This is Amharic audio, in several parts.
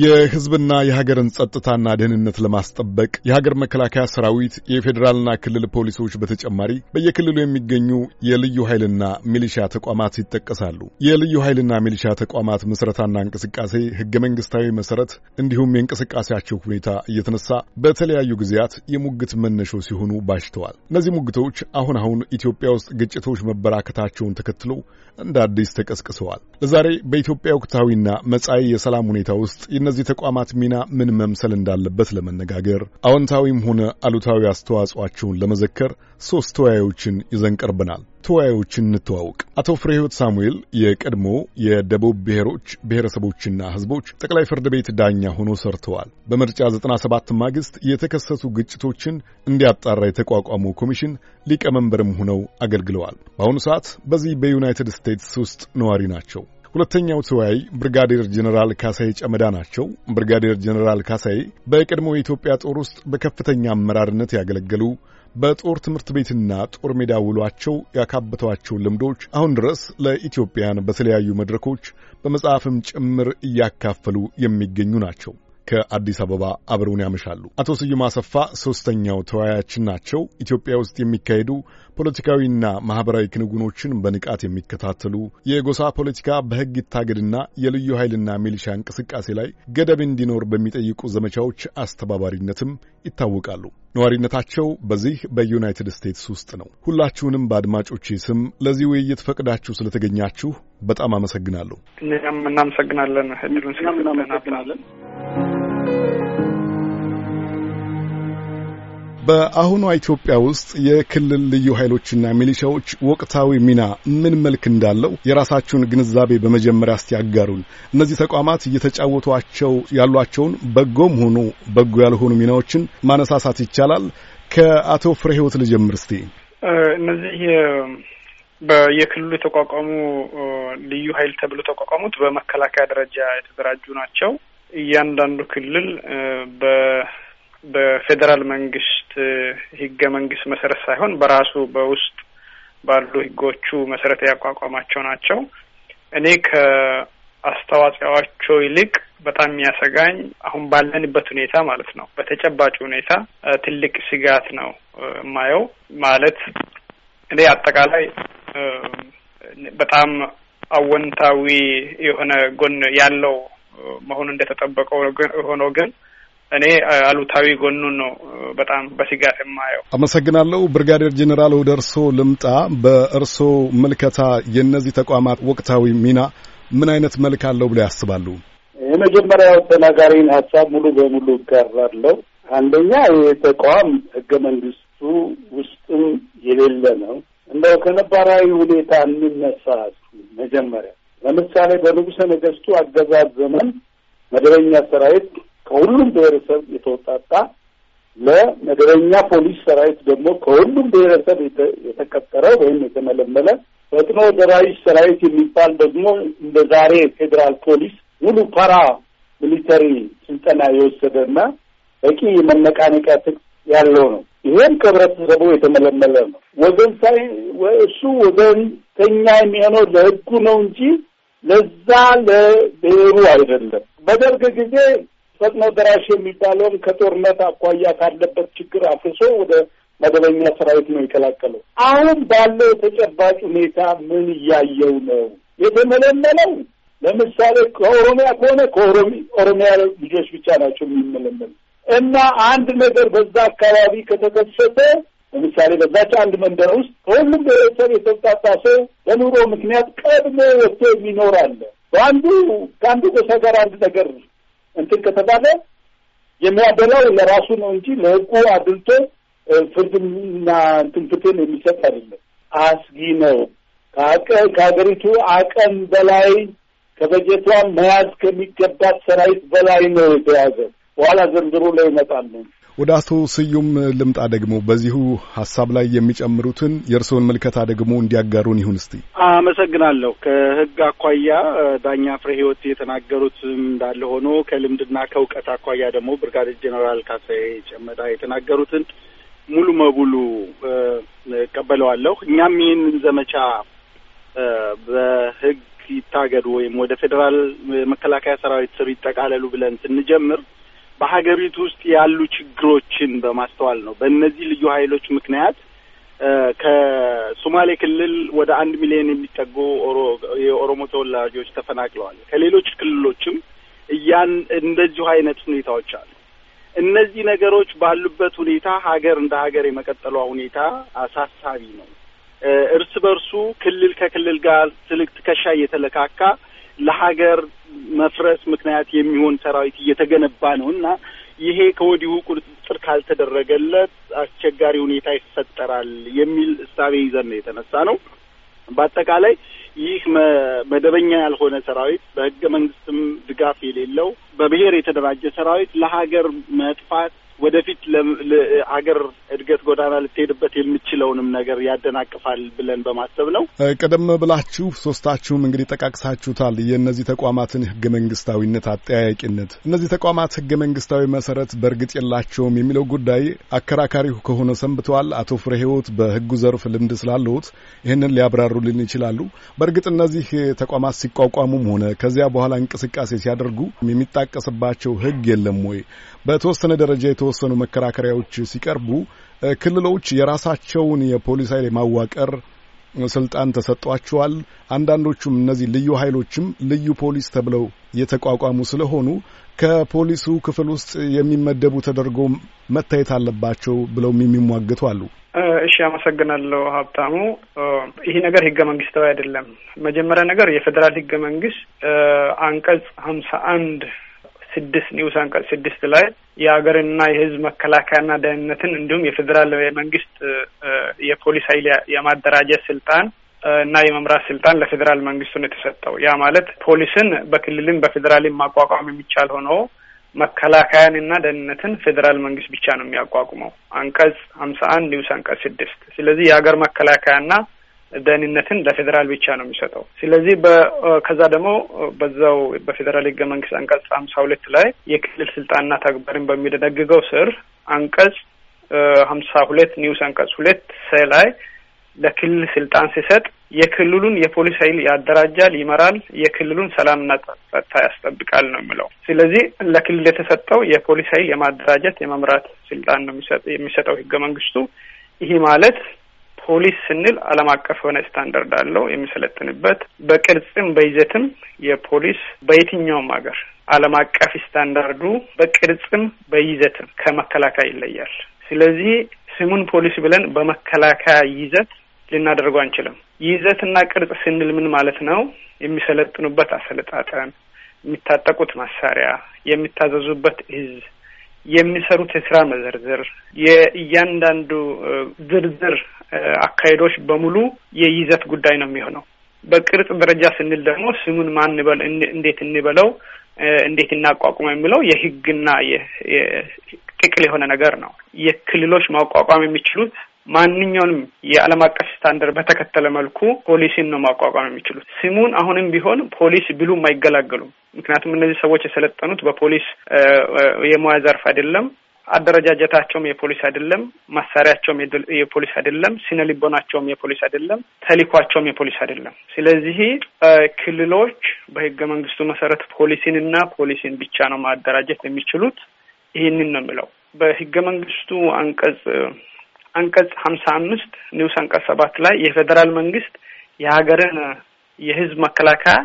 የህዝብና የሀገርን ጸጥታና ደህንነት ለማስጠበቅ የሀገር መከላከያ ሰራዊት የፌዴራልና ክልል ፖሊሶች በተጨማሪ በየክልሉ የሚገኙ የልዩ ኃይልና ሚሊሻ ተቋማት ይጠቀሳሉ። የልዩ ኃይልና ሚሊሻ ተቋማት ምስረታና እንቅስቃሴ ህገ መንግስታዊ መሰረት እንዲሁም የእንቅስቃሴያቸው ሁኔታ እየተነሳ በተለያዩ ጊዜያት የሙግት መነሾ ሲሆኑ ባሽተዋል። እነዚህ ሙግቶች አሁን አሁን ኢትዮጵያ ውስጥ ግጭቶች መበራከታቸውን ተከትሎ እንደ አዲስ ተቀስቅሰዋል። ለዛሬ በኢትዮጵያ ወቅታዊና መጻኢ የሰላም ሁኔታ ውስጥ የእነዚህ ተቋማት ሚና ምን መምሰል እንዳለበት ለመነጋገር አዎንታዊም ሆነ አሉታዊ አስተዋጽኦአቸውን ለመዘከር ሶስት ተወያዮችን ይዘን ቀርበናል። ተወያዮችን እንተዋውቅ። አቶ ፍሬህይወት ሳሙኤል የቀድሞ የደቡብ ብሔሮች ብሔረሰቦችና ሕዝቦች ጠቅላይ ፍርድ ቤት ዳኛ ሆኖ ሰርተዋል። በምርጫ 97 ማግስት የተከሰቱ ግጭቶችን እንዲያጣራ የተቋቋሙ ኮሚሽን ሊቀመንበርም ሆነው አገልግለዋል። በአሁኑ ሰዓት በዚህ በዩናይትድ ስቴትስ ውስጥ ነዋሪ ናቸው። ሁለተኛው ተወያይ ብርጋዴር ጀኔራል ካሳይ ጨመዳ ናቸው። ብርጋዴር ጀኔራል ካሳዬ በቀድሞ የኢትዮጵያ ጦር ውስጥ በከፍተኛ አመራርነት ያገለገሉ በጦር ትምህርት ቤትና ጦር ሜዳ ውሏቸው ያካበቷቸውን ልምዶች አሁን ድረስ ለኢትዮጵያን በተለያዩ መድረኮች በመጽሐፍም ጭምር እያካፈሉ የሚገኙ ናቸው። ከአዲስ አበባ አብረውን ያመሻሉ። አቶ ስዩም አሰፋ ሶስተኛው ተወያያችን ናቸው። ኢትዮጵያ ውስጥ የሚካሄዱ ፖለቲካዊና ማህበራዊ ክንውኖችን በንቃት የሚከታተሉ የጎሳ ፖለቲካ በህግ ይታገድና የልዩ ኃይልና ሚሊሻ እንቅስቃሴ ላይ ገደብ እንዲኖር በሚጠይቁ ዘመቻዎች አስተባባሪነትም ይታወቃሉ። ነዋሪነታቸው በዚህ በዩናይትድ ስቴትስ ውስጥ ነው። ሁላችሁንም በአድማጮቼ ስም ለዚህ ውይይት ፈቅዳችሁ ስለተገኛችሁ በጣም አመሰግናለሁ። እናመሰግናለን። በአሁኗ ኢትዮጵያ ውስጥ የክልል ልዩ ኃይሎችና ሚሊሻዎች ወቅታዊ ሚና ምን መልክ እንዳለው የራሳችሁን ግንዛቤ በመጀመሪያ እስቲ ያጋሩን። እነዚህ ተቋማት እየተጫወቷቸው ያሏቸውን በጎም ሆኑ በጎ ያልሆኑ ሚናዎችን ማነሳሳት ይቻላል። ከአቶ ፍሬ ህይወት ልጀምር እስቲ። እነዚህ የክልሉ የተቋቋሙ ልዩ ኃይል ተብሎ ተቋቋሙት በመከላከያ ደረጃ የተደራጁ ናቸው። እያንዳንዱ ክልል በ በፌዴራል መንግስት ህገ መንግስት መሰረት ሳይሆን በራሱ በውስጥ ባሉ ህጎቹ መሰረት ያቋቋማቸው ናቸው። እኔ ከአስተዋጽኦቸው ይልቅ በጣም የሚያሰጋኝ አሁን ባለንበት ሁኔታ ማለት ነው፣ በተጨባጭ ሁኔታ ትልቅ ስጋት ነው የማየው። ማለት እኔ አጠቃላይ በጣም አወንታዊ የሆነ ጎን ያለው መሆኑ እንደተጠበቀው ሆኖ ግን እኔ አሉታዊ ጎኑን ነው በጣም በስጋት የማየው። አመሰግናለሁ። ብርጋዴር ጄኔራል ወደ እርሶ ልምጣ። በእርሶ ምልከታ የእነዚህ ተቋማት ወቅታዊ ሚና ምን አይነት መልክ አለው ብለው ያስባሉ? የመጀመሪያው ተናጋሪን ሀሳብ ሙሉ በሙሉ እጋራለሁ። አንደኛ የተቋም ህገ መንግስቱ ውስጥም የሌለ ነው። እንደው ከነባራዊ ሁኔታ እንነሳ መጀመሪያ ለምሳሌ በንጉሠ ነገሥቱ አገዛዝ ዘመን መደበኛ ሰራዊት ከሁሉም ብሔረሰብ የተወጣጣ ለመደበኛ ፖሊስ ሰራዊት ደግሞ ከሁሉም ብሔረሰብ የተቀጠረ ወይም የተመለመለ ፈጥኖ ደራሽ ሰራዊት የሚባል ደግሞ እንደ ዛሬ ፌዴራል ፖሊስ ሙሉ ፓራ ሚሊተሪ ስልጠና የወሰደ ና በቂ የመነቃነቂያ ትጥቅ ያለው ነው። ይሄም ከህብረተሰቡ የተመለመለ ነው። ወገን ሳይ እሱ ወገንተኛ የሚሆነው ለህጉ ነው እንጂ ለዛ ለብሔሩ አይደለም። በደርግ ጊዜ ፈጥኖ ደራሽ የሚባለውን ከጦርነት አኳያ ካለበት ችግር አፍርሶ ወደ መደበኛ ሰራዊት ነው የቀላቀለው። አሁን ባለው ተጨባጭ ሁኔታ ምን እያየው ነው የተመለመለው? ለምሳሌ ከኦሮሚያ ከሆነ ኦሮሚያ ልጆች ብቻ ናቸው የሚመለመሉ እና አንድ ነገር በዛ አካባቢ ከተከሰተ ለምሳሌ በዛች አንድ መንደር ውስጥ ከሁሉም ብሔረሰብ የተውጣጣ ሰው በኑሮ ምክንያት ቀድሞ ወጥቶ የሚኖር አለ። በአንዱ ከአንዱ ጎሳ ጋር አንድ ነገር እንትን ከተባለ የሚያበላው ለራሱ ነው እንጂ ለሕጉ አድልቶ ፍርድና እንትን ፍትህን የሚሰጥ አይደለም። አስጊ ነው። ከሀገሪቱ አቅም በላይ ከበጀቷ መያዝ ከሚገባት ሰራዊት በላይ ነው የተያዘ። በኋላ ዘንድሮ ላይ ይመጣል ነው ወደ አቶ ስዩም ልምጣ። ደግሞ በዚሁ ሀሳብ ላይ የሚጨምሩትን የእርስዎን ምልከታ ደግሞ እንዲያጋሩን ይሁን እስቲ። አመሰግናለሁ። ከህግ አኳያ ዳኛ ፍሬ ህይወት የተናገሩት እንዳለ ሆኖ ከልምድና ከእውቀት አኳያ ደግሞ ብርጋዴር ጄኔራል ካሳዬ ጨመዳ የተናገሩትን ሙሉ መሙሉ እቀበለዋለሁ። እኛም ይህንን ዘመቻ በህግ ይታገዱ ወይም ወደ ፌዴራል መከላከያ ሰራዊት ስር ይጠቃለሉ ብለን ስንጀምር በሀገሪቱ ውስጥ ያሉ ችግሮችን በማስተዋል ነው። በእነዚህ ልዩ ኃይሎች ምክንያት ከሶማሌ ክልል ወደ አንድ ሚሊዮን የሚጠጉ የኦሮሞ ተወላጆች ተፈናቅለዋል። ከሌሎች ክልሎችም እያን እንደዚሁ አይነት ሁኔታዎች አሉ። እነዚህ ነገሮች ባሉበት ሁኔታ ሀገር እንደ ሀገር የመቀጠሏ ሁኔታ አሳሳቢ ነው። እርስ በርሱ ክልል ከክልል ጋር ትልቅ ትከሻ እየተለካካ ለሀገር መፍረስ ምክንያት የሚሆን ሰራዊት እየተገነባ ነው እና ይሄ ከወዲሁ ቁጥጥር ካልተደረገለት አስቸጋሪ ሁኔታ ይፈጠራል የሚል እሳቤ ይዘን ነው የተነሳ ነው። በአጠቃላይ ይህ መደበኛ ያልሆነ ሰራዊት በህገ መንግስትም ድጋፍ የሌለው በብሔር የተደራጀ ሰራዊት ለሀገር መጥፋት ወደፊት ሀገር እድገት ጎዳና ልትሄድበት የምችለውንም ነገር ያደናቅፋል ብለን በማሰብ ነው። ቀደም ብላችሁ ሶስታችሁም እንግዲህ ጠቃቅሳችሁታል የእነዚህ ተቋማትን ህገ መንግስታዊነት አጠያያቂነት። እነዚህ ተቋማት ህገ መንግስታዊ መሰረት በእርግጥ የላቸውም የሚለው ጉዳይ አከራካሪ ከሆነ ሰንብተዋል። አቶ ፍሬ ህይወት በህጉ ዘርፍ ልምድ ስላለሁት ይህንን ሊያብራሩልን ይችላሉ። በእርግጥ እነዚህ ተቋማት ሲቋቋሙም ሆነ ከዚያ በኋላ እንቅስቃሴ ሲያደርጉ የሚጣቀስባቸው ህግ የለም ወይ? በተወሰነ ደረጃ የተወሰኑ መከራከሪያዎች ሲቀርቡ ክልሎች የራሳቸውን የፖሊስ ኃይል የማዋቀር ስልጣን ተሰጥጧቸዋል። አንዳንዶቹም እነዚህ ልዩ ኃይሎችም ልዩ ፖሊስ ተብለው የተቋቋሙ ስለሆኑ ከፖሊሱ ክፍል ውስጥ የሚመደቡ ተደርጎ መታየት አለባቸው ብለው የሚሟገቱ አሉ። እሺ፣ አመሰግናለሁ ሀብታሙ። ይህ ነገር ህገ መንግስታዊ አይደለም። መጀመሪያ ነገር የፌዴራል ህገ መንግስት አንቀጽ ሀምሳ አንድ ስድስት ንዑስ አንቀጽ ስድስት ላይ የሀገርንና የህዝብ መከላከያና ደህንነትን እንዲሁም የፌዴራል መንግስት የፖሊስ ኃይል የማደራጀት ስልጣን እና የመምራት ስልጣን ለፌዴራል መንግስቱ ነው የተሰጠው። ያ ማለት ፖሊስን በክልልም በፌዴራልም ማቋቋም የሚቻል ሆኖ መከላከያን ደህንነትን ፌዴራል መንግስት ብቻ ነው የሚያቋቁመው አንቀጽ ሀምሳ አንድ ንዑስ አንቀጽ ስድስት ስለዚህ የሀገር መከላከያና ደህንነትን ለፌዴራል ብቻ ነው የሚሰጠው። ስለዚህ ከዛ ደግሞ በዛው በፌዴራል ህገ መንግስት አንቀጽ ሀምሳ ሁለት ላይ የክልል ስልጣንና ተግባርን በሚደነግገው ስር አንቀጽ ሀምሳ ሁለት ኒውስ አንቀጽ ሁለት ሰ ላይ ለክልል ስልጣን ሲሰጥ የክልሉን የፖሊስ ኃይል ያደራጃል፣ ይመራል፣ የክልሉን ሰላምና ጸጥታ ያስጠብቃል ነው የሚለው። ስለዚህ ለክልል የተሰጠው የፖሊስ ኃይል የማደራጀት የመምራት ስልጣን ነው የሚሰጠው ህገ መንግስቱ። ይህ ማለት ፖሊስ ስንል ዓለም አቀፍ የሆነ ስታንዳርድ አለው የሚሰለጥንበት በቅርጽም በይዘትም የፖሊስ በየትኛውም ሀገር ዓለም አቀፍ ስታንዳርዱ በቅርጽም በይዘትም ከመከላከያ ይለያል። ስለዚህ ስሙን ፖሊስ ብለን በመከላከያ ይዘት ልናደርገው አንችልም። ይዘትና ቅርጽ ስንል ምን ማለት ነው? የሚሰለጥኑበት አሰለጣጠን፣ የሚታጠቁት መሳሪያ፣ የሚታዘዙበት እዝ የሚሰሩት የስራ መዘርዝር የእያንዳንዱ ዝርዝር አካሄዶች በሙሉ የይዘት ጉዳይ ነው የሚሆነው። በቅርጽ ደረጃ ስንል ደግሞ ስሙን ማን እንበል፣ እንዴት እንበለው፣ እንዴት እናቋቁመ የሚለው የህግና ጥቅል የሆነ ነገር ነው። የክልሎች ማቋቋም የሚችሉት ማንኛውንም የዓለም አቀፍ ስታንደርድ በተከተለ መልኩ ፖሊሲን ነው ማቋቋም የሚችሉት። ስሙን አሁንም ቢሆን ፖሊስ ቢሉም አይገላገሉም። ምክንያቱም እነዚህ ሰዎች የሰለጠኑት በፖሊስ የሙያ ዘርፍ አይደለም፣ አደረጃጀታቸውም የፖሊስ አይደለም፣ መሳሪያቸውም የፖሊስ አይደለም፣ ስነ ልቦናቸውም የፖሊስ አይደለም፣ ተሊኳቸውም የፖሊስ አይደለም። ስለዚህ ክልሎች በህገ መንግስቱ መሰረት ፖሊሲን እና ፖሊሲን ብቻ ነው ማደራጀት የሚችሉት። ይህንን ነው የሚለው በህገ መንግስቱ አንቀጽ አንቀጽ ሀምሳ አምስት ንዑስ አንቀጽ ሰባት ላይ የፌዴራል መንግስት የሀገርን የህዝብ መከላከያ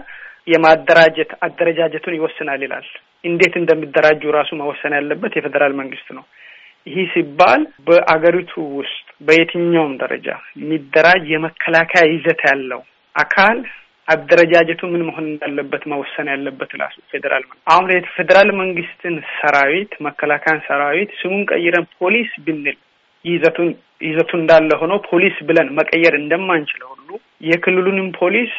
የማደራጀት አደረጃጀቱን ይወስናል ይላል። እንዴት እንደሚደራጁ ራሱ መወሰን ያለበት የፌዴራል መንግስት ነው። ይህ ሲባል በአገሪቱ ውስጥ በየትኛውም ደረጃ የሚደራጅ የመከላከያ ይዘት ያለው አካል አደረጃጀቱ ምን መሆን እንዳለበት መወሰን ያለበት ላሱ ፌዴራል መንግስት አሁን የፌዴራል መንግስትን ሰራዊት መከላከያን ሰራዊት ስሙን ቀይረን ፖሊስ ብንል ይዘቱን ይዘቱ እንዳለ ሆኖ ፖሊስ ብለን መቀየር እንደማንችለው ሁሉ የክልሉንም ፖሊስ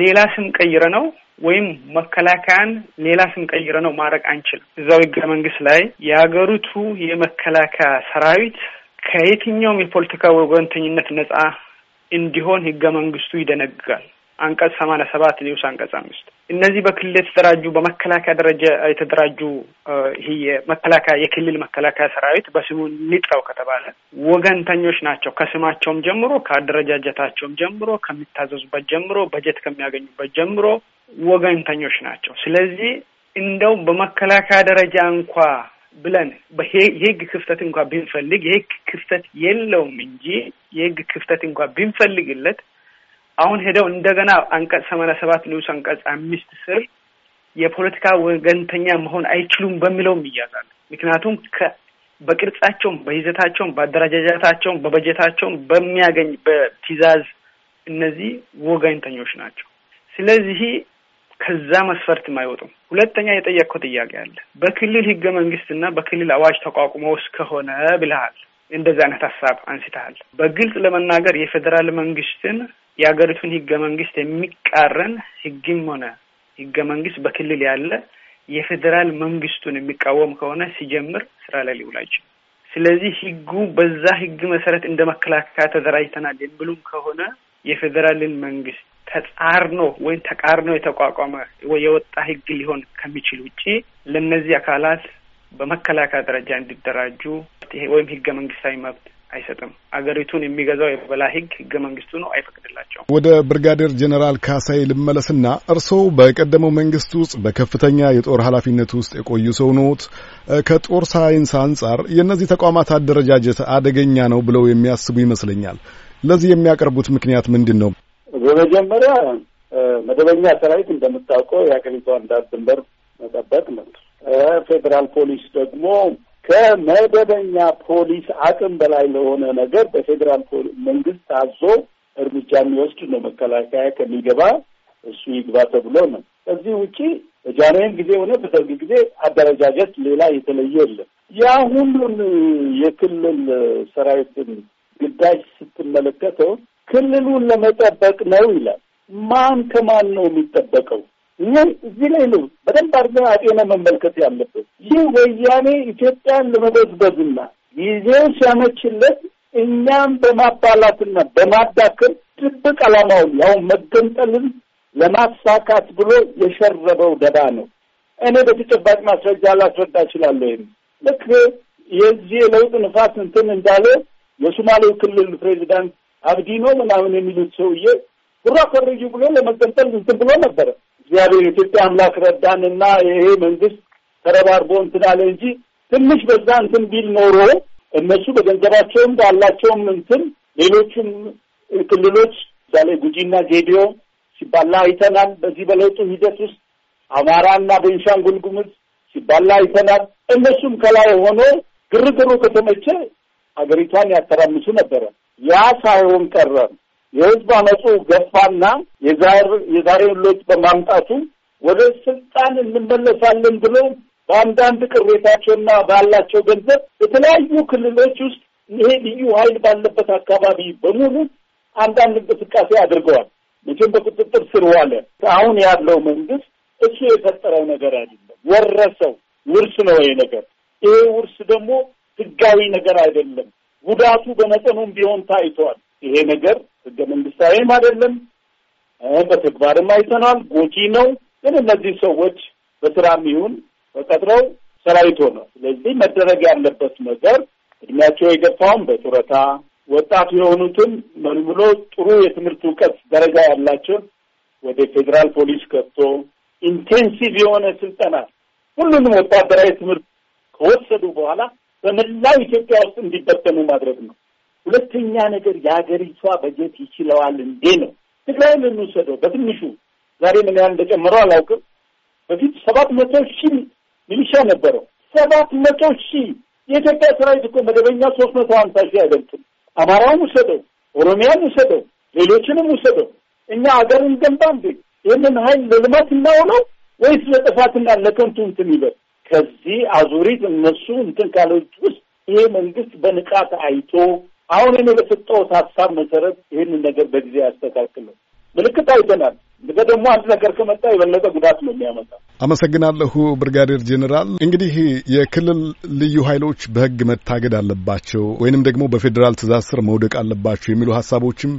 ሌላ ስም ቀይረ ነው ወይም መከላከያን ሌላ ስም ቀይረ ነው ማድረግ አንችልም። እዛው ህገ መንግስት ላይ የሀገሪቱ የመከላከያ ሰራዊት ከየትኛውም የፖለቲካ ወገንተኝነት ነጻ እንዲሆን ህገ መንግስቱ ይደነግጋል። አንቀጽ ሰማንያ ሰባት ንዑስ አንቀጽ አምስት እነዚህ በክልል የተደራጁ በመከላከያ ደረጃ የተደራጁ ይህ የመከላከያ የክልል መከላከያ ሰራዊት በስሙ ንጥራው ከተባለ ወገንተኞች ናቸው። ከስማቸውም ጀምሮ ከአደረጃጀታቸውም ጀምሮ ከሚታዘዙበት ጀምሮ በጀት ከሚያገኙበት ጀምሮ ወገንተኞች ናቸው። ስለዚህ እንደው በመከላከያ ደረጃ እንኳ ብለን የህግ ክፍተት እንኳ ብንፈልግ የህግ ክፍተት የለውም እንጂ የህግ ክፍተት እንኳ ብንፈልግለት አሁን ሄደው እንደገና አንቀጽ ሰማንያ ሰባት ንዑስ አንቀጽ አምስት ስር የፖለቲካ ወገንተኛ መሆን አይችሉም በሚለውም ይያዛል። ምክንያቱም በቅርጻቸውም፣ በይዘታቸውም፣ በአደረጃጀታቸውም፣ በበጀታቸውም በሚያገኝ በትዕዛዝ እነዚህ ወገንተኞች ናቸው። ስለዚህ ከዛ መስፈርትም አይወጡም። ሁለተኛ የጠየቅከው ጥያቄ አለ። በክልል ህገ መንግስትና በክልል አዋጅ ተቋቁመው እስከሆነ ብልሃል እንደዚህ አይነት ሀሳብ አንስተሃል። በግልጽ ለመናገር የፌዴራል መንግስትን የሀገሪቱን ህገ መንግስት የሚቃረን ህግም ሆነ ህገ መንግስት በክልል ያለ የፌዴራል መንግስቱን የሚቃወም ከሆነ ሲጀምር ስራ ላይ ሊውል አይችልም። ስለዚህ ህጉ በዛ ህግ መሰረት እንደ መከላከያ ተደራጅተናል የሚሉም ከሆነ የፌዴራልን መንግስት ተጻርኖ ወይም ተቃርኖ የተቋቋመ የወጣ ህግ ሊሆን ከሚችል ውጪ ለእነዚህ አካላት በመከላከያ ደረጃ እንዲደራጁ ወይም ህገ መንግስታዊ መብት አይሰጥም። አገሪቱን የሚገዛው የበላይ ህግ ህገ መንግስቱ ነው፣ አይፈቅድላቸውም። ወደ ብርጋዴር ጀኔራል ካሳይ ልመለስና እርስዎ በቀደመው መንግስት ውስጥ በከፍተኛ የጦር ኃላፊነት ውስጥ የቆዩ ሰው ኖት። ከጦር ሳይንስ አንጻር የእነዚህ ተቋማት አደረጃጀት አደገኛ ነው ብለው የሚያስቡ ይመስለኛል። ለዚህ የሚያቀርቡት ምክንያት ምንድን ነው? በመጀመሪያ መደበኛ ሰራዊት እንደምታውቀው የሀገሪቷን ዳር ድንበር መጠበቅ ነው። ፌዴራል ፖሊስ ደግሞ ከመደበኛ ፖሊስ አቅም በላይ ለሆነ ነገር በፌዴራል መንግስት አዞ እርምጃ የሚወስድ ነው። መከላከያ ከሚገባ እሱ ይግባ ተብሎ ነው። ከዚህ ውጪ በጃንሆይም ጊዜ ሆነ በደርግ ጊዜ አደረጃጀት ሌላ የተለየ የለም። ያ ሁሉን የክልል ሰራዊትን ግዳጅ ስትመለከተው ክልሉን ለመጠበቅ ነው ይላል። ማን ከማን ነው የሚጠበቀው? ይሄ እዚህ ላይ ነው በደንብ አድርገን አጤነ መመልከት ያለበት። ይህ ወያኔ ኢትዮጵያን ለመበዝበዝና ጊዜው ሲያመችለት እኛም በማባላትና በማዳከል ድብቅ ዓላማውን ያው መገንጠልን ለማሳካት ብሎ የሸረበው ደባ ነው። እኔ በተጨባጭ ማስረጃ ላስረዳ እችላለሁ። ይህም ልክ የዚህ የለውጥ ንፋስ እንትን እንዳለ የሶማሌው ክልል ፕሬዚዳንት አብዲኖ ምናምን የሚሉት ሰውዬ ጉራ ኮሬጂ ብሎ ለመገንጠል እንትን ብሎ ነበረ። እግዚአብሔር የኢትዮጵያ አምላክ ረዳንና ይሄ መንግስት ተረባርቦ እንትን አለ እንጂ ትንሽ በዛ እንትን ቢል ኖሮ እነሱ በገንዘባቸውም ባላቸውም እንትን ሌሎቹም ክልሎች ምሳሌ ጉጂና ጌዲዮ ሲባላ አይተናል። በዚህ በለውጡ ሂደት ውስጥ አማራና ቤንሻንጉል ጉሙዝ ሲባላ አይተናል። እነሱም ከላይ ሆኖ ግርግሩ ከተመቸ ሀገሪቷን ያተራምሱ ነበረ። ያ ሳይሆን ቀረም። የህዝብ አመፁ ገፋና የዛሬ የዛሬ ለውጥ በማምጣቱ ወደ ስልጣን እንመለሳለን ብለው በአንዳንድ ቅሬታቸውና ባላቸው ገንዘብ የተለያዩ ክልሎች ውስጥ ይሄ ልዩ ኃይል ባለበት አካባቢ በሙሉ አንዳንድ እንቅስቃሴ አድርገዋል። መቼም በቁጥጥር ስር ዋለ። አሁን ያለው መንግስት እሱ የፈጠረው ነገር አይደለም፣ ወረሰው ውርስ ነው ይሄ ነገር። ይሄ ውርስ ደግሞ ህጋዊ ነገር አይደለም። ጉዳቱ በመጠኑም ቢሆን ታይተዋል። ይሄ ነገር ህገ መንግስታዊም አይደለም፣ በተግባርም አይተናል፣ ጎጂ ነው። ግን እነዚህ ሰዎች በስራም ይሁን በቀጥረው ሰራዊቶ ነው። ስለዚህ መደረግ ያለበት ነገር እድሜያቸው የገፋውን በጡረታ ወጣቱ የሆኑትን መልምሎ ጥሩ የትምህርት እውቀት ደረጃ ያላቸውን ወደ ፌዴራል ፖሊስ ከፍቶ ኢንቴንሲቭ የሆነ ስልጠና ሁሉንም ወታደራዊ ትምህርት ከወሰዱ በኋላ በመላው ኢትዮጵያ ውስጥ እንዲበተኑ ማድረግ ነው። ሁለተኛ ነገር የሀገሪቷ በጀት ይችለዋል እንዴ ነው። ትግራይ የምንወሰደው በትንሹ ዛሬ ምን ያህል እንደጨመረው አላውቅም። በፊት ሰባት መቶ ሺህ ሚሊሻ ነበረው። ሰባት መቶ ሺህ የኢትዮጵያ ሰራዊት እኮ መደበኛ ሶስት መቶ ሀምሳ ሺህ አይበልጥም። አማራውም ውሰደው፣ ኦሮሚያን ውሰደው፣ ሌሎችንም ውሰደው። እኛ አገርን ገንባ እንዴ? ይህንን ሀይል ለልማት እናውለው ወይስ ለጥፋትና ለከንቱ እንትን ይበል? ከዚህ አዙሪት እነሱ እንትን ካለች ውስጥ ይሄ መንግስት በንቃት አይቶ አሁን እኔ በሰጠሁት ሀሳብ መሰረት ይህንን ነገር በጊዜ ያስተካክለው። ምልክት አይተናል። ነገ ደግሞ አንድ ነገር ከመጣ የበለጠ ጉዳት ነው የሚያመጣ። አመሰግናለሁ ብርጋዴር ጄኔራል። እንግዲህ የክልል ልዩ ኃይሎች በህግ መታገድ አለባቸው ወይንም ደግሞ በፌዴራል ትእዛዝ ስር መውደቅ አለባቸው የሚሉ ሀሳቦችም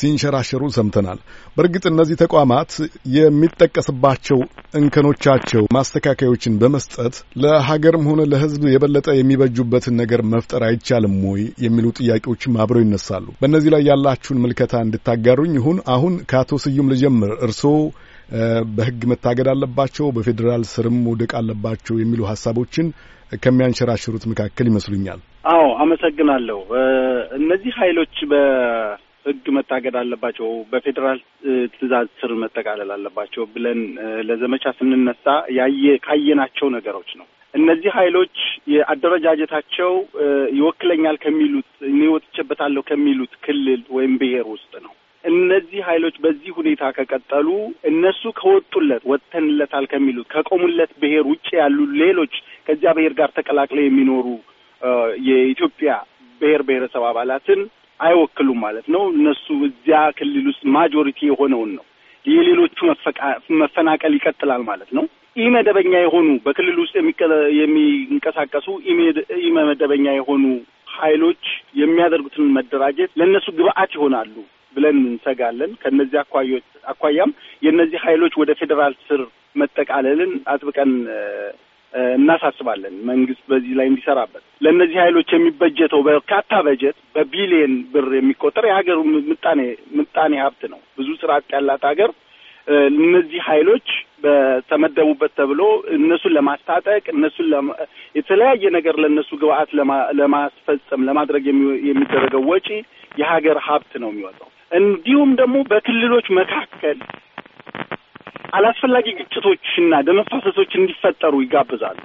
ሲንሸራሸሩ ሰምተናል። በእርግጥ እነዚህ ተቋማት የሚጠቀስባቸው እንከኖቻቸው ማስተካከዮችን በመስጠት ለሀገርም ሆነ ለሕዝብ የበለጠ የሚበጁበትን ነገር መፍጠር አይቻልም ወይ የሚሉ ጥያቄዎችም አብረው ይነሳሉ። በእነዚህ ላይ ያላችሁን ምልከታ እንድታጋሩኝ ይሁን። አሁን ከአቶ ስዩም ልጀምር። እርስዎ በህግ መታገድ አለባቸው፣ በፌዴራል ስርም መውደቅ አለባቸው የሚሉ ሀሳቦችን ከሚያንሸራሽሩት መካከል ይመስሉኛል። አዎ፣ አመሰግናለሁ። እነዚህ ኃይሎች ህግ መታገድ አለባቸው፣ በፌዴራል ትእዛዝ ስር መጠቃለል አለባቸው ብለን ለዘመቻ ስንነሳ ያየ ካየናቸው ነገሮች ነው። እነዚህ ኃይሎች የአደረጃጀታቸው ይወክለኛል ከሚሉት እኔ ወጥቼበታለሁ ከሚሉት ክልል ወይም ብሔር ውስጥ ነው። እነዚህ ኃይሎች በዚህ ሁኔታ ከቀጠሉ እነሱ ከወጡለት ወጥተንለታል ከሚሉት ከቆሙለት ብሔር ውጭ ያሉ ሌሎች ከዚያ ብሔር ጋር ተቀላቅለው የሚኖሩ የኢትዮጵያ ብሔር ብሔረሰብ አባላትን አይወክሉም ማለት ነው። እነሱ እዚያ ክልል ውስጥ ማጆሪቲ የሆነውን ነው። የሌሎቹ መፈናቀል ይቀጥላል ማለት ነው። ኢመደበኛ የሆኑ በክልል ውስጥ የሚንቀሳቀሱ ኢመደበኛ የሆኑ ኃይሎች የሚያደርጉትን መደራጀት ለእነሱ ግብአት ይሆናሉ ብለን እንሰጋለን። ከእነዚህ አኳያም የእነዚህ ኃይሎች ወደ ፌዴራል ስር መጠቃለልን አጥብቀን እናሳስባለን። መንግስት በዚህ ላይ እንዲሰራበት። ለእነዚህ ኃይሎች የሚበጀተው በርካታ በጀት በቢሊየን ብር የሚቆጠር የሀገሩ ምጣኔ ምጣኔ ሀብት ነው። ብዙ ስራ ያላት ሀገር እነዚህ ኃይሎች በተመደቡበት ተብሎ እነሱን ለማስታጠቅ እነሱን የተለያየ ነገር ለእነሱ ግብአት ለማስፈጸም ለማድረግ የሚደረገው ወጪ የሀገር ሀብት ነው የሚወጣው። እንዲሁም ደግሞ በክልሎች መካከል አላስፈላጊ ግጭቶችና ደመፋሰሶች እንዲፈጠሩ ይጋብዛሉ።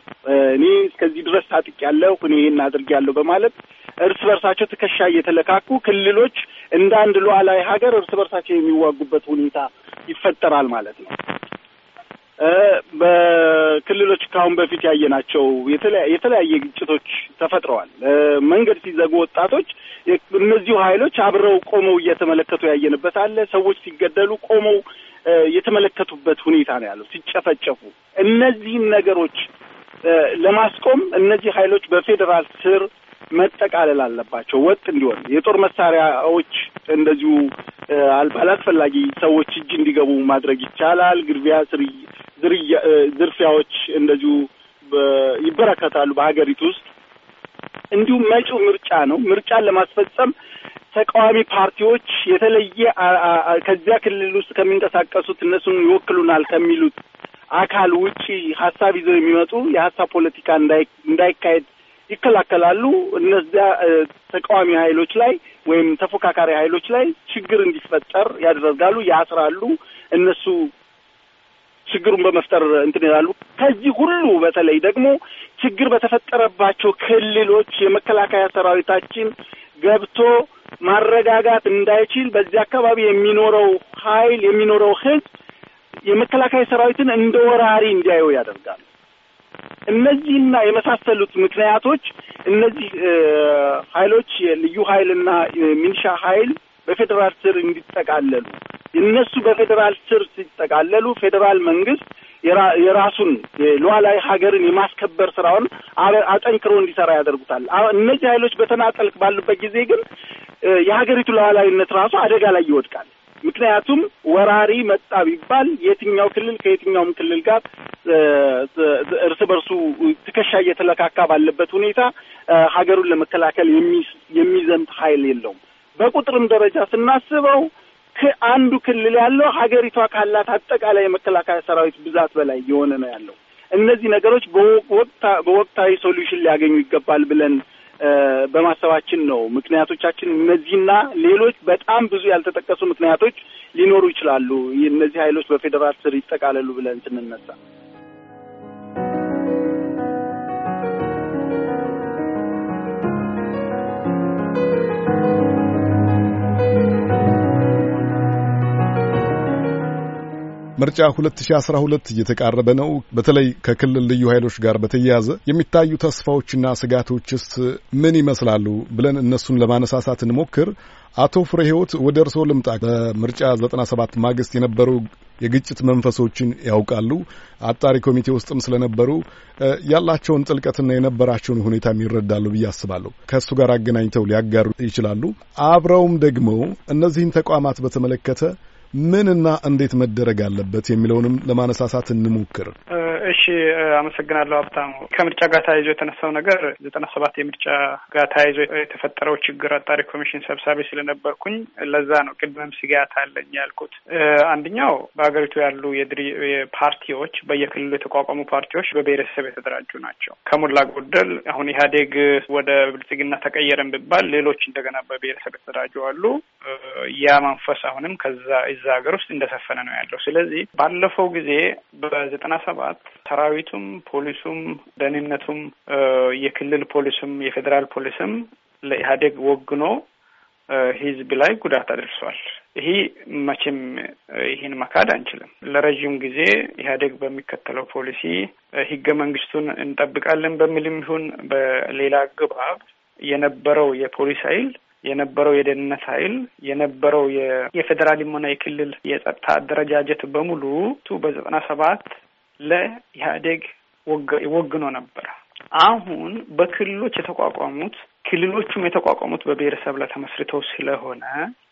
እኔ እስከዚህ ድረስ ታጥቅ ያለው እኔ ይህን አድርግ ያለው በማለት እርስ በርሳቸው ትከሻ እየተለካኩ ክልሎች እንደ አንድ ሉዓላዊ ሀገር እርስ በርሳቸው የሚዋጉበት ሁኔታ ይፈጠራል ማለት ነው። በክልሎች ከአሁን በፊት ያየናቸው የተለያየ ግጭቶች ተፈጥረዋል። መንገድ ሲዘጉ ወጣቶች እነዚሁ ኃይሎች አብረው ቆመው እየተመለከቱ ያየንበት አለ። ሰዎች ሲገደሉ ቆመው የተመለከቱበት ሁኔታ ነው ያለው፣ ሲጨፈጨፉ። እነዚህን ነገሮች ለማስቆም እነዚህ ኃይሎች በፌዴራል ስር መጠቃለል አለባቸው፣ ወጥ እንዲሆን የጦር መሳሪያዎች እንደዚሁ ባላስፈላጊ ሰዎች እጅ እንዲገቡ ማድረግ ይቻላል። ግድያ ስር ዝርፊያዎች እንደዚሁ ይበረከታሉ በሀገሪቱ ውስጥ። እንዲሁም መጪው ምርጫ ነው። ምርጫን ለማስፈጸም ተቃዋሚ ፓርቲዎች የተለየ ከዚያ ክልል ውስጥ ከሚንቀሳቀሱት እነሱን ይወክሉናል ከሚሉት አካል ውጪ ሀሳብ ይዘው የሚመጡ የሀሳብ ፖለቲካ እንዳይካሄድ ይከላከላሉ። እነዚያ ተቃዋሚ ኃይሎች ላይ ወይም ተፎካካሪ ኃይሎች ላይ ችግር እንዲፈጠር ያደርጋሉ፣ ያስራሉ። እነሱ ችግሩን በመፍጠር እንትን ይላሉ። ከዚህ ሁሉ በተለይ ደግሞ ችግር በተፈጠረባቸው ክልሎች የመከላከያ ሰራዊታችን ገብቶ ማረጋጋት እንዳይችል በዚህ አካባቢ የሚኖረው ኃይል የሚኖረው ህዝብ የመከላከያ ሰራዊትን እንደ ወራሪ እንዲያዩ ያደርጋል። እነዚህና የመሳሰሉት ምክንያቶች እነዚህ ኃይሎች የልዩ ኃይልና ሚኒሻ ኃይል በፌዴራል ስር እንዲጠቃለሉ እነሱ በፌዴራል ስር ሲጠቃለሉ ፌዴራል መንግስት የራሱን ሉዓላዊ ሀገርን የማስከበር ስራውን አጠንክሮ እንዲሰራ ያደርጉታል። እነዚህ ኃይሎች በተናጠል ባሉበት ጊዜ ግን የሀገሪቱ ሉዓላዊነት ራሱ አደጋ ላይ ይወድቃል። ምክንያቱም ወራሪ መጣ ቢባል የትኛው ክልል ከየትኛውም ክልል ጋር እርስ በርሱ ትከሻ እየተለካካ ባለበት ሁኔታ ሀገሩን ለመከላከል የሚዘምት ኃይል የለውም። በቁጥርም ደረጃ ስናስበው አንዱ ክልል ያለው ሀገሪቷ ካላት አጠቃላይ የመከላከያ ሰራዊት ብዛት በላይ የሆነ ነው ያለው። እነዚህ ነገሮች በወቅታዊ ሶሉሽን ሊያገኙ ይገባል ብለን በማሰባችን ነው። ምክንያቶቻችን እነዚህና ሌሎች በጣም ብዙ ያልተጠቀሱ ምክንያቶች ሊኖሩ ይችላሉ። እነዚህ ኃይሎች በፌዴራል ስር ይጠቃለሉ ብለን ስንነሳ ምርጫ 2012 እየተቃረበ ነው። በተለይ ከክልል ልዩ ኃይሎች ጋር በተያያዘ የሚታዩ ተስፋዎችና ስጋቶችስ ምን ይመስላሉ ብለን እነሱን ለማነሳሳት እንሞክር። አቶ ፍሬ ህይወት ወደ እርስዎ ልምጣ። በምርጫ 97 ማግስት የነበሩ የግጭት መንፈሶችን ያውቃሉ። አጣሪ ኮሚቴ ውስጥም ስለነበሩ ያላቸውን ጥልቀትና የነበራቸውን ሁኔታ ይረዳሉ ብዬ አስባለሁ። ከእሱ ጋር አገናኝተው ሊያጋሩ ይችላሉ። አብረውም ደግሞ እነዚህን ተቋማት በተመለከተ ምንና እንዴት መደረግ አለበት የሚለውንም ለማነሳሳት እንሞክር። እሺ፣ አመሰግናለሁ ሀብታሙ። ከምርጫ ጋር ተያይዞ የተነሳው ነገር ዘጠና ሰባት የምርጫ ጋር ተያይዞ የተፈጠረው ችግር አጣሪ ኮሚሽን ሰብሳቢ ስለነበርኩኝ ለዛ ነው ቅድመም ስጋት አለኝ ያልኩት። አንደኛው በሀገሪቱ ያሉ ፓርቲዎች በየክልሉ የተቋቋሙ ፓርቲዎች በብሔረሰብ የተደራጁ ናቸው። ከሞላ ጎደል አሁን ኢህአዴግ ወደ ብልጽግና ተቀየረን ቢባል ሌሎች እንደገና በብሔረሰብ የተደራጁ አሉ። ያ መንፈስ አሁንም ከዛ እዛ ሀገር ውስጥ እንደሰፈነ ነው ያለው። ስለዚህ ባለፈው ጊዜ በዘጠና ሰባት ሰራዊቱም፣ ፖሊሱም፣ ደህንነቱም፣ የክልል ፖሊስም፣ የፌዴራል ፖሊስም ለኢህአዴግ ወግኖ ህዝብ ላይ ጉዳት አድርሷል። ይሄ መቼም ይህን መካድ አንችልም። ለረዥም ጊዜ ኢህአዴግ በሚከተለው ፖሊሲ ህገ መንግስቱን እንጠብቃለን በሚልም ይሁን በሌላ ግባብ የነበረው የፖሊስ ኃይል የነበረው የደህንነት ኃይል የነበረው የፌዴራልም ሆነ የክልል የጸጥታ አደረጃጀት በሙሉ ቱ በዘጠና ሰባት ለኢህአዴግ ወግኖ ነበር። አሁን በክልሎች የተቋቋሙት ክልሎቹም የተቋቋሙት በብሔረሰብ ላይ ተመስርተው ስለሆነ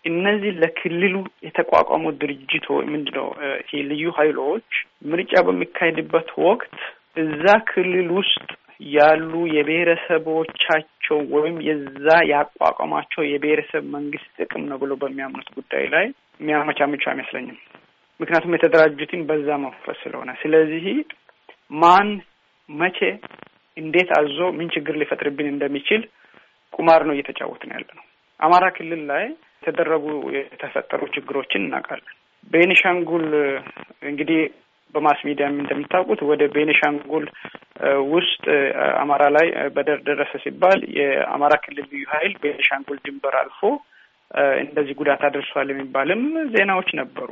እነዚህ ለክልሉ የተቋቋሙ ድርጅቶ ምንድነው ይሄ ልዩ ኃይሎች ምርጫ በሚካሄድበት ወቅት እዛ ክልል ውስጥ ያሉ የብሔረሰቦቻቸው ወይም የዛ ያቋቋማቸው የብሔረሰብ መንግስት ጥቅም ነው ብሎ በሚያምኑት ጉዳይ ላይ የሚያመቻምቹ አይመስለኝም። ምክንያቱም የተደራጁትን በዛ መንፈስ ስለሆነ፣ ስለዚህ ማን መቼ እንዴት አዞ ምን ችግር ሊፈጥርብን እንደሚችል ቁማር ነው እየተጫወት ነው ያለ ነው። አማራ ክልል ላይ የተደረጉ የተፈጠሩ ችግሮችን እናውቃለን። ቤኒሻንጉል እንግዲህ በማስ ሚዲያም እንደምታውቁት ወደ ቤኔሻንጉል ውስጥ አማራ ላይ በደር ደረሰ ሲባል የአማራ ክልል ልዩ ኃይል ቤኔሻንጉል ድንበር አልፎ እንደዚህ ጉዳት አድርሷል የሚባልም ዜናዎች ነበሩ።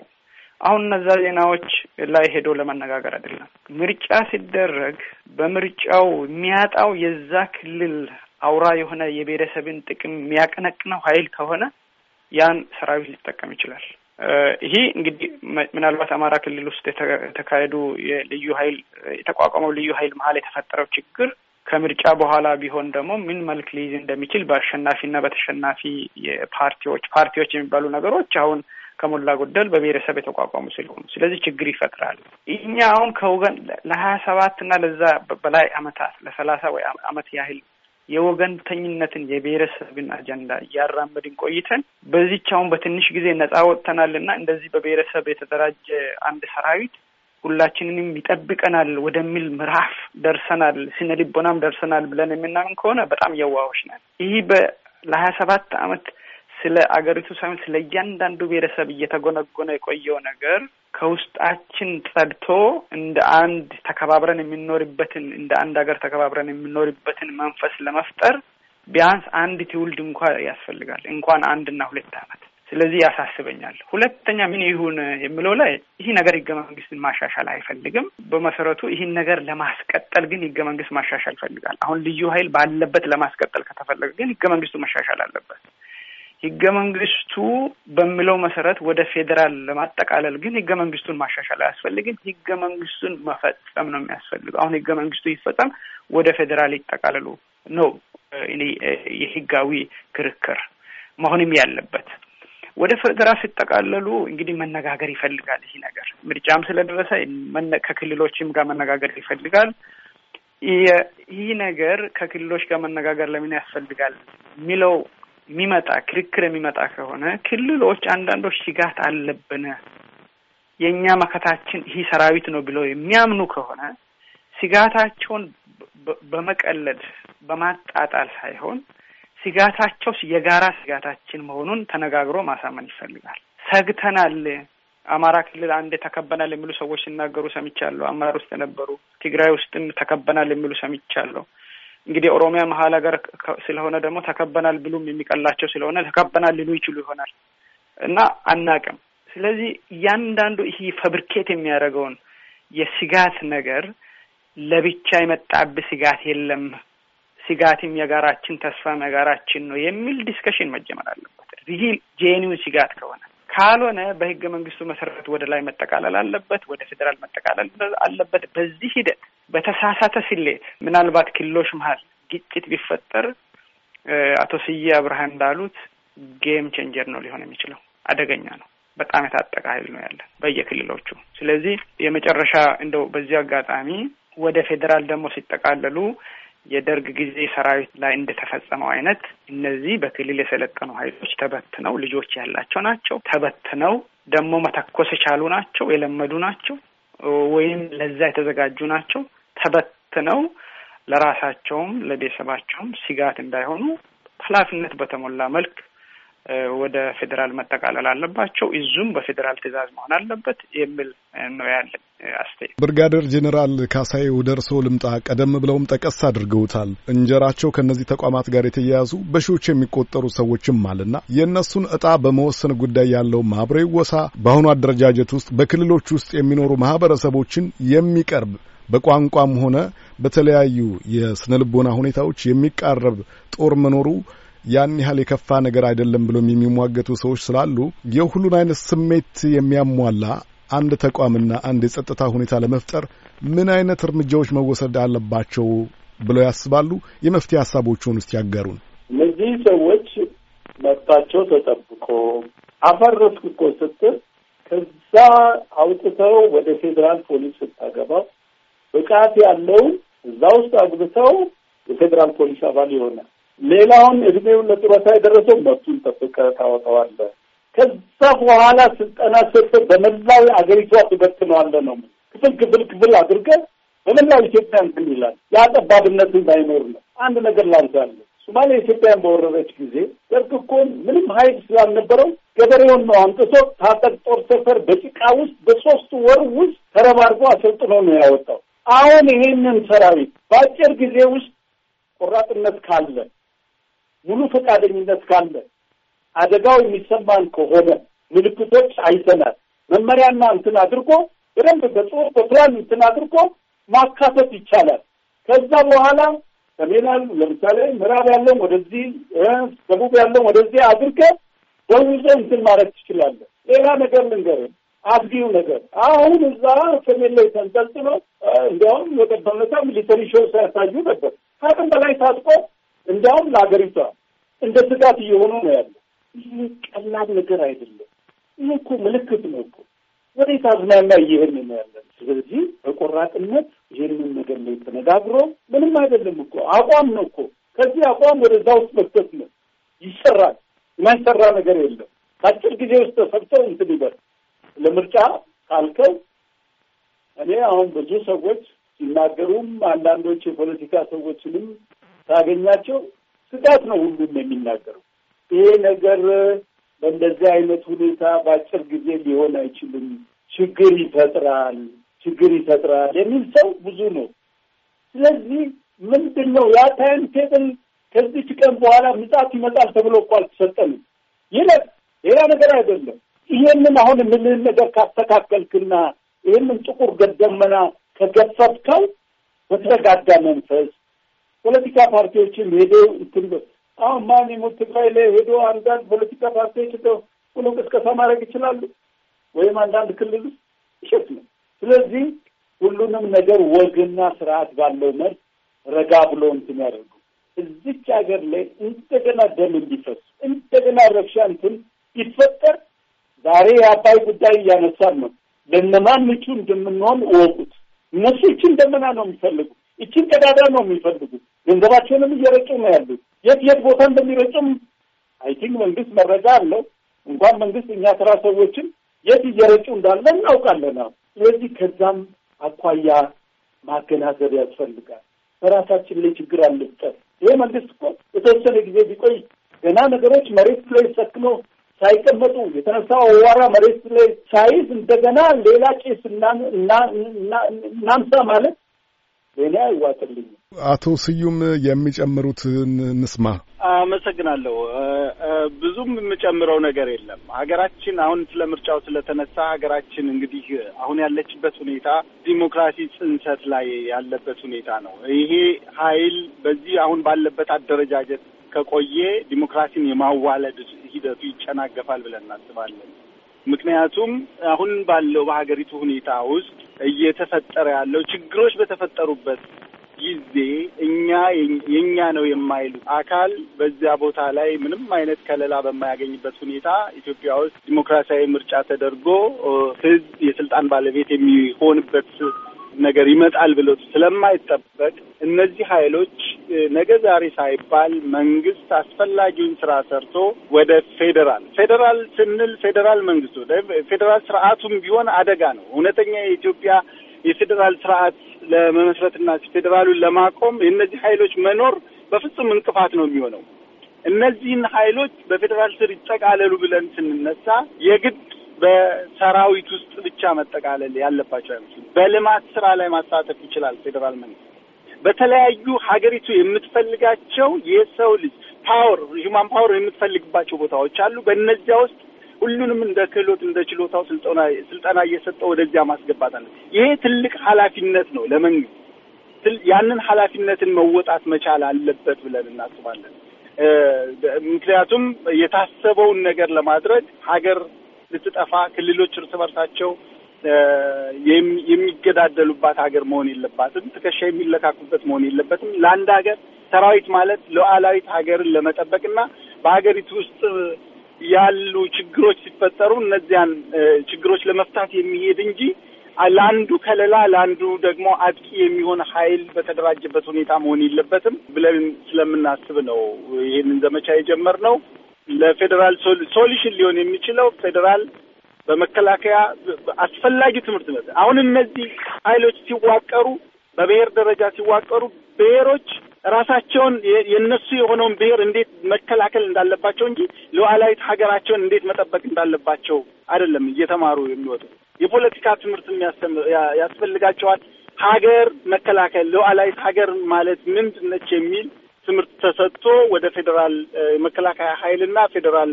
አሁን እነዛ ዜናዎች ላይ ሄዶ ለመነጋገር አይደለም። ምርጫ ሲደረግ በምርጫው የሚያጣው የዛ ክልል አውራ የሆነ የብሔረሰብን ጥቅም የሚያቀነቅነው ኃይል ከሆነ ያን ሰራዊት ሊጠቀም ይችላል። ይሄ እንግዲህ ምናልባት አማራ ክልል ውስጥ የተካሄዱ የልዩ ኃይል የተቋቋመው ልዩ ኃይል መሀል የተፈጠረው ችግር ከምርጫ በኋላ ቢሆን ደግሞ ምን መልክ ሊይዝ እንደሚችል በአሸናፊና በተሸናፊ የፓርቲዎች ፓርቲዎች የሚባሉ ነገሮች አሁን ከሞላ ጎደል በብሔረሰብ የተቋቋሙ ስለሆኑ ስለዚህ ችግር ይፈጥራል። እኛ አሁን ከወገን ለሀያ ሰባት እና ለዛ በላይ አመታት ለሰላሳ ወይ አመት ያህል የወገንተኝነትን የብሔረሰብን አጀንዳ እያራመድን ቆይተን በዚች አሁን በትንሽ ጊዜ ነጻ ወጥተናል እና እንደዚህ በብሔረሰብ የተደራጀ አንድ ሰራዊት ሁላችንንም ይጠብቀናል ወደሚል ምዕራፍ ደርሰናል፣ ስነ ልቦናም ደርሰናል ብለን የምናምን ከሆነ በጣም የዋዎች ነን። ይህ ለሀያ ሰባት አመት ስለ አገሪቱ ሳይሆን ስለ እያንዳንዱ ብሔረሰብ እየተጎነጎነ የቆየው ነገር ከውስጣችን ጸድቶ እንደ አንድ ተከባብረን የሚኖርበትን እንደ አንድ ሀገር ተከባብረን የሚኖርበትን መንፈስ ለመፍጠር ቢያንስ አንድ ትውልድ እንኳ ያስፈልጋል፣ እንኳን አንድና ሁለት አመት ስለዚህ ያሳስበኛል። ሁለተኛ ምን ይሁን የሚለው ላይ ይህ ነገር ህገ መንግስትን ማሻሻል አይፈልግም። በመሰረቱ ይህን ነገር ለማስቀጠል ግን ህገ መንግስት ማሻሻል ይፈልጋል። አሁን ልዩ ኃይል ባለበት ለማስቀጠል ከተፈለገ ግን ህገ መንግስቱ መሻሻል አለበት። ህገ መንግስቱ በሚለው መሰረት ወደ ፌዴራል ለማጠቃለል ግን ህገ መንግስቱን ማሻሻል አያስፈልግም። ህገ መንግስቱን መፈጸም ነው የሚያስፈልገው። አሁን ህገ መንግስቱ ይፈጸም፣ ወደ ፌዴራል ይጠቃለሉ ነው እኔ የህጋዊ ክርክር መሆንም ያለበት። ወደ ፌዴራል ሲጠቃለሉ እንግዲህ መነጋገር ይፈልጋል። ይህ ነገር ምርጫም ስለደረሰ ከክልሎችም ጋር መነጋገር ይፈልጋል። ይህ ነገር ከክልሎች ጋር መነጋገር ለምን ያስፈልጋል የሚለው የሚመጣ ክርክር የሚመጣ ከሆነ ክልሎች አንዳንዶች ስጋት አለብን የእኛ መከታችን ይህ ሰራዊት ነው ብለው የሚያምኑ ከሆነ ስጋታቸውን በመቀለድ በማጣጣል ሳይሆን ስጋታቸው የጋራ ስጋታችን መሆኑን ተነጋግሮ ማሳመን ይፈልጋል። ሰግተናል፣ አማራ ክልል አንዴ ተከበናል የሚሉ ሰዎች ሲናገሩ ሰምቻለሁ። አማራ ውስጥ የነበሩ ትግራይ ውስጥም ተከበናል የሚሉ ሰምቻለሁ። እንግዲህ ኦሮሚያ መሀል ሀገር ስለሆነ ደግሞ ተከበናል ብሉም የሚቀላቸው ስለሆነ ተከበናል ሊሉ ይችሉ ይሆናል እና አናቅም። ስለዚህ እያንዳንዱ ይሄ ፈብሪኬት የሚያደርገውን የስጋት ነገር ለብቻ የመጣብ ስጋት የለም፣ ስጋትም የጋራችን ተስፋም የጋራችን ነው የሚል ዲስከሽን መጀመር አለበት። ይህ ጄኒውን ስጋት ከሆነ ካልሆነ በህገ መንግስቱ መሰረት ወደ ላይ መጠቃለል አለበት፣ ወደ ፌዴራል መጠቃለል አለበት። በዚህ ሂደት በተሳሳተ ስሌት ምናልባት ክልሎች መሀል ግጭት ቢፈጠር አቶ ስዬ አብርሃ እንዳሉት ጌም ቼንጀር ነው ሊሆን የሚችለው። አደገኛ ነው። በጣም የታጠቀ ኃይል ነው ያለ በየክልሎቹ። ስለዚህ የመጨረሻ እንደው በዚህ አጋጣሚ ወደ ፌዴራል ደግሞ ሲጠቃለሉ የደርግ ጊዜ ሰራዊት ላይ እንደተፈጸመው አይነት እነዚህ በክልል የሰለጠኑ ኃይሎች ተበትነው ልጆች ያላቸው ናቸው። ተበትነው ደግሞ መተኮስ የቻሉ ናቸው፣ የለመዱ ናቸው፣ ወይም ለዛ የተዘጋጁ ናቸው። ተበትነው ለራሳቸውም ለቤተሰባቸውም ስጋት እንዳይሆኑ ኃላፊነት በተሞላ መልክ ወደ ፌዴራል መጠቃለል አለባቸው። እዙም በፌዴራል ትዕዛዝ መሆን አለበት የሚል ነው ያለ አስተያየት። ብርጋደር ጄኔራል ካሳይ ወደ እርስዎ ልምጣ። ቀደም ብለውም ጠቀስ አድርገውታል። እንጀራቸው ከእነዚህ ተቋማት ጋር የተያያዙ በሺዎች የሚቆጠሩ ሰዎችም አለና የእነሱን እጣ በመወሰን ጉዳይ ያለው ማህበራዊ ወሳ በአሁኑ አደረጃጀት ውስጥ በክልሎች ውስጥ የሚኖሩ ማህበረሰቦችን የሚቀርብ በቋንቋም ሆነ በተለያዩ የስነ ልቦና ሁኔታዎች የሚቃረብ ጦር መኖሩ ያን ያህል የከፋ ነገር አይደለም ብሎም የሚሟገቱ ሰዎች ስላሉ የሁሉን አይነት ስሜት የሚያሟላ አንድ ተቋምና አንድ የጸጥታ ሁኔታ ለመፍጠር ምን አይነት እርምጃዎች መወሰድ አለባቸው ብለው ያስባሉ? የመፍትሄ ሀሳቦቹን ውስጥ ያገሩን። እነዚህ ሰዎች መብታቸው ተጠብቆ አፈረስክ እኮ ስትል ከዛ አውጥተው ወደ ፌዴራል ፖሊስ ስታገባው ብቃት ያለውን እዛ ውስጥ አግብተው የፌዴራል ፖሊስ አባል ይሆናል። ሌላውን እድሜውን ለጡረታ የደረሰው መብቱን ጠብቀህ ታወጣዋለህ። ከዛ በኋላ ስልጠና ሰጥተህ በመላው አገሪቷ ትበትነዋለህ ነው። ክፍል ክፍል ክፍል አድርገ በመላው ኢትዮጵያ እንትን ይላል። የጠባብነት እንዳይኖር ነው። አንድ ነገር ላንሳለህ። ሶማሌ ኢትዮጵያን በወረረች ጊዜ ደርግ እኮ ምንም ኃይል ስላልነበረው ገበሬውን ነው አምጥቶ ታጠቅ ጦር ሰፈር በጭቃ ውስጥ በሶስት ወር ውስጥ ተረባርጎ አሰልጥኖ ነው ያወጣው። አሁን ይሄንን ሰራዊት በአጭር ጊዜ ውስጥ ቆራጥነት ካለ፣ ሙሉ ፈቃደኝነት ካለ፣ አደጋው የሚሰማን ከሆነ ምልክቶች አይተናል። መመሪያና እንትን አድርጎ በደንብ በጽሁፍ በፕላን እንትን አድርጎ ማካተት ይቻላል። ከዛ በኋላ ሰሜን ያሉ ለምሳሌ ምዕራብ ያለውን ወደዚህ፣ ደቡብ ያለውን ወደዚህ አድርገ በውዞ እንትን ማድረግ ትችላለህ። ሌላ ነገር ልንገርህ አስጊው ነገር አሁን እዛ ሰሜን ላይ ተንጠልጥሎ እንዲያውም የቀደመታ ሚሊተሪ ሾ ሲያሳዩ ነበር። ከአቅም በላይ ታጥቆ እንዲያውም ለሀገሪቷ እንደ ስጋት እየሆኑ ነው ያለ። ይህ ቀላል ነገር አይደለም። ይህ እኮ ምልክት ነው እኮ ወዴት አዝማሚያ እየሄድን ነው ያለ። ስለዚህ በቆራጥነት ይህንን ነገር ላይ ተነጋግሮ ምንም አይደለም እኮ አቋም ነው እኮ ከዚህ አቋም ወደዛ ውስጥ መክተት ነው። ይሰራል። የማይሰራ ነገር የለም። በአጭር ጊዜ ውስጥ ተሰብተው እንትን ይበል ለምርጫ ካልከው እኔ አሁን ብዙ ሰዎች ሲናገሩም አንዳንዶች የፖለቲካ ሰዎችንም ታገኛቸው ስጋት ነው ሁሉም የሚናገረው። ይሄ ነገር በእንደዚህ አይነት ሁኔታ በአጭር ጊዜ ሊሆን አይችልም፣ ችግር ይፈጥራል፣ ችግር ይፈጥራል የሚል ሰው ብዙ ነው። ስለዚህ ምንድን ነው ያ ታይም ቴብል ከዚች ቀን በኋላ ምጽአት ይመጣል ተብሎ እኮ አልተሰጠንም። ይለት ሌላ ነገር አይደለም። ይህንን አሁን የምልህን ነገር ካስተካከልክና ይህንን ጥቁር ደመና ከገፈፍከው በተረጋጋ መንፈስ ፖለቲካ ፓርቲዎችም ሄደው እንትን አሁን ማን ይሙት ትግራይ ላይ ሄዶ አንዳንድ ፖለቲካ ፓርቲዎች ሁሉ ቅስቀሳ ማድረግ ይችላሉ፣ ወይም አንዳንድ ክልል እሸት ነው። ስለዚህ ሁሉንም ነገር ወግና ስርዓት ባለው መልክ ረጋ ብሎ እንትን ያደርጉ። እዚች ሀገር ላይ እንደገና ደም እንዲፈሱ እንደገና ረብሻ እንትን ይፈጠር ዛሬ የአባይ ጉዳይ እያነሳን ነው። ለእነማን ምቹ እንደምንሆን እወቁት። እነሱ ይችን ደመና ነው የሚፈልጉ፣ ይችን ቀዳዳ ነው የሚፈልጉ። ገንዘባቸውንም እየረጩ ነው ያሉት። የት የት ቦታ እንደሚረጩም አይ ቲንክ መንግስት መረጃ አለው። እንኳን መንግስት እኛ ስራ ሰዎችም የት እየረጩ እንዳለ እናውቃለን። ስለዚህ ከዛም አኳያ ማገናዘብ ያስፈልጋል። በራሳችን ላይ ችግር አለብጠን ይሄ መንግስት እኮ የተወሰነ ጊዜ ቢቆይ ገና ነገሮች መሬት ላይ ሰክኖ ሳይቀመጡ የተነሳው አዋራ መሬት ላይ ሳይዝ እንደገና ሌላ ጭስ እናምሳ ማለት ሌላ አይዋጥልኝ። አቶ ስዩም የሚጨምሩትን ንስማ። አመሰግናለሁ። ብዙም የምጨምረው ነገር የለም። ሀገራችን አሁን ስለ ምርጫው ስለተነሳ ሀገራችን እንግዲህ አሁን ያለችበት ሁኔታ ዲሞክራሲ ጽንሰት ላይ ያለበት ሁኔታ ነው። ይሄ ኃይል በዚህ አሁን ባለበት አደረጃጀት ከቆየ ዲሞክራሲን የማዋለድ ሂደቱ ይጨናገፋል ብለን እናስባለን። ምክንያቱም አሁን ባለው በሀገሪቱ ሁኔታ ውስጥ እየተፈጠረ ያለው ችግሮች በተፈጠሩበት ጊዜ እኛ የእኛ ነው የማይሉ አካል በዚያ ቦታ ላይ ምንም አይነት ከለላ በማያገኝበት ሁኔታ ኢትዮጵያ ውስጥ ዲሞክራሲያዊ ምርጫ ተደርጎ ሕዝብ የስልጣን ባለቤት የሚሆንበት ነገር ይመጣል ብሎ ስለማይጠበቅ እነዚህ ኃይሎች ነገ ዛሬ ሳይባል መንግስት አስፈላጊውን ስራ ሰርቶ ወደ ፌዴራል ፌዴራል ስንል ፌዴራል ወደ ፌዴራል ስርዓቱም ቢሆን አደጋ ነው። እውነተኛ የኢትዮጵያ የፌዴራል ስርዓት ለመመስረትና ፌዴራሉን ለማቆም የእነዚህ ኃይሎች መኖር በፍጹም እንቅፋት ነው የሚሆነው። እነዚህን ኃይሎች በፌዴራል ስር ይጠቃለሉ ብለን ስንነሳ የግድ በሰራዊት ውስጥ ብቻ መጠቃለል ያለባቸው አይመስልም። በልማት ስራ ላይ ማሳተፍ ይችላል ፌዴራል መንግስት በተለያዩ ሀገሪቱ የምትፈልጋቸው የሰው ልጅ ፓወር ሂውማን ፓወር የምትፈልግባቸው ቦታዎች አሉ። በእነዚያ ውስጥ ሁሉንም እንደ ክህሎት እንደ ችሎታው ስልጠና ስልጠና እየሰጠ ወደዚያ ማስገባት አለ። ይሄ ትልቅ ኃላፊነት ነው ለመንግስት። ያንን ኃላፊነትን መወጣት መቻል አለበት ብለን እናስባለን። ምክንያቱም የታሰበውን ነገር ለማድረግ ሀገር ልትጠፋ፣ ክልሎች እርስ በርሳቸው የሚገዳደሉባት ሀገር መሆን የለባትም። ትከሻ የሚለካኩበት መሆን የለበትም። ለአንድ ሀገር ሰራዊት ማለት ሉዓላዊት ሀገርን ለመጠበቅና በሀገሪቱ ውስጥ ያሉ ችግሮች ሲፈጠሩ እነዚያን ችግሮች ለመፍታት የሚሄድ እንጂ ለአንዱ ከለላ ለአንዱ ደግሞ አጥቂ የሚሆን ኃይል በተደራጀበት ሁኔታ መሆን የለበትም ብለን ስለምናስብ ነው ይህንን ዘመቻ የጀመርነው። ለፌዴራል ሶሉሽን ሊሆን የሚችለው ፌዴራል በመከላከያ አስፈላጊ ትምህርት ነው። አሁን እነዚህ ኃይሎች ሲዋቀሩ በብሔር ደረጃ ሲዋቀሩ ብሔሮች ራሳቸውን የነሱ የሆነውን ብሔር እንዴት መከላከል እንዳለባቸው እንጂ ሉዓላዊት ሀገራቸውን እንዴት መጠበቅ እንዳለባቸው አይደለም እየተማሩ የሚወጡ። የፖለቲካ ትምህርት ያስፈልጋቸዋል። ሀገር መከላከል ሉዓላዊት ሀገር ማለት ምንድነች የሚል ትምህርት ተሰጥቶ ወደ ፌዴራል መከላከያ ኃይልና ፌዴራል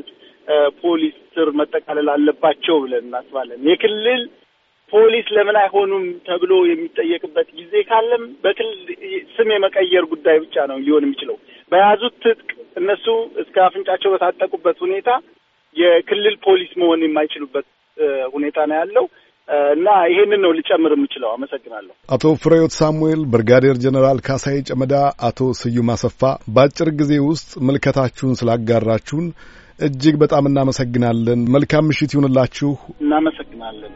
ፖሊስ ስር መጠቃለል አለባቸው ብለን እናስባለን። የክልል ፖሊስ ለምን አይሆኑም ተብሎ የሚጠየቅበት ጊዜ ካለም በክልል ስም የመቀየር ጉዳይ ብቻ ነው ሊሆን የሚችለው። በያዙት ትጥቅ እነሱ እስከ አፍንጫቸው በታጠቁበት ሁኔታ የክልል ፖሊስ መሆን የማይችሉበት ሁኔታ ነው ያለው። እና ይሄንን ነው ልጨምር የምችለው። አመሰግናለሁ። አቶ ፍሬዮት ሳሙኤል፣ ብርጋዴር ጀኔራል ካሳዬ ጨመዳ፣ አቶ ስዩም አሰፋ በአጭር ጊዜ ውስጥ ምልከታችሁን ስላጋራችሁን እጅግ በጣም እናመሰግናለን። መልካም ምሽት ይሁንላችሁ። እናመሰግናለን።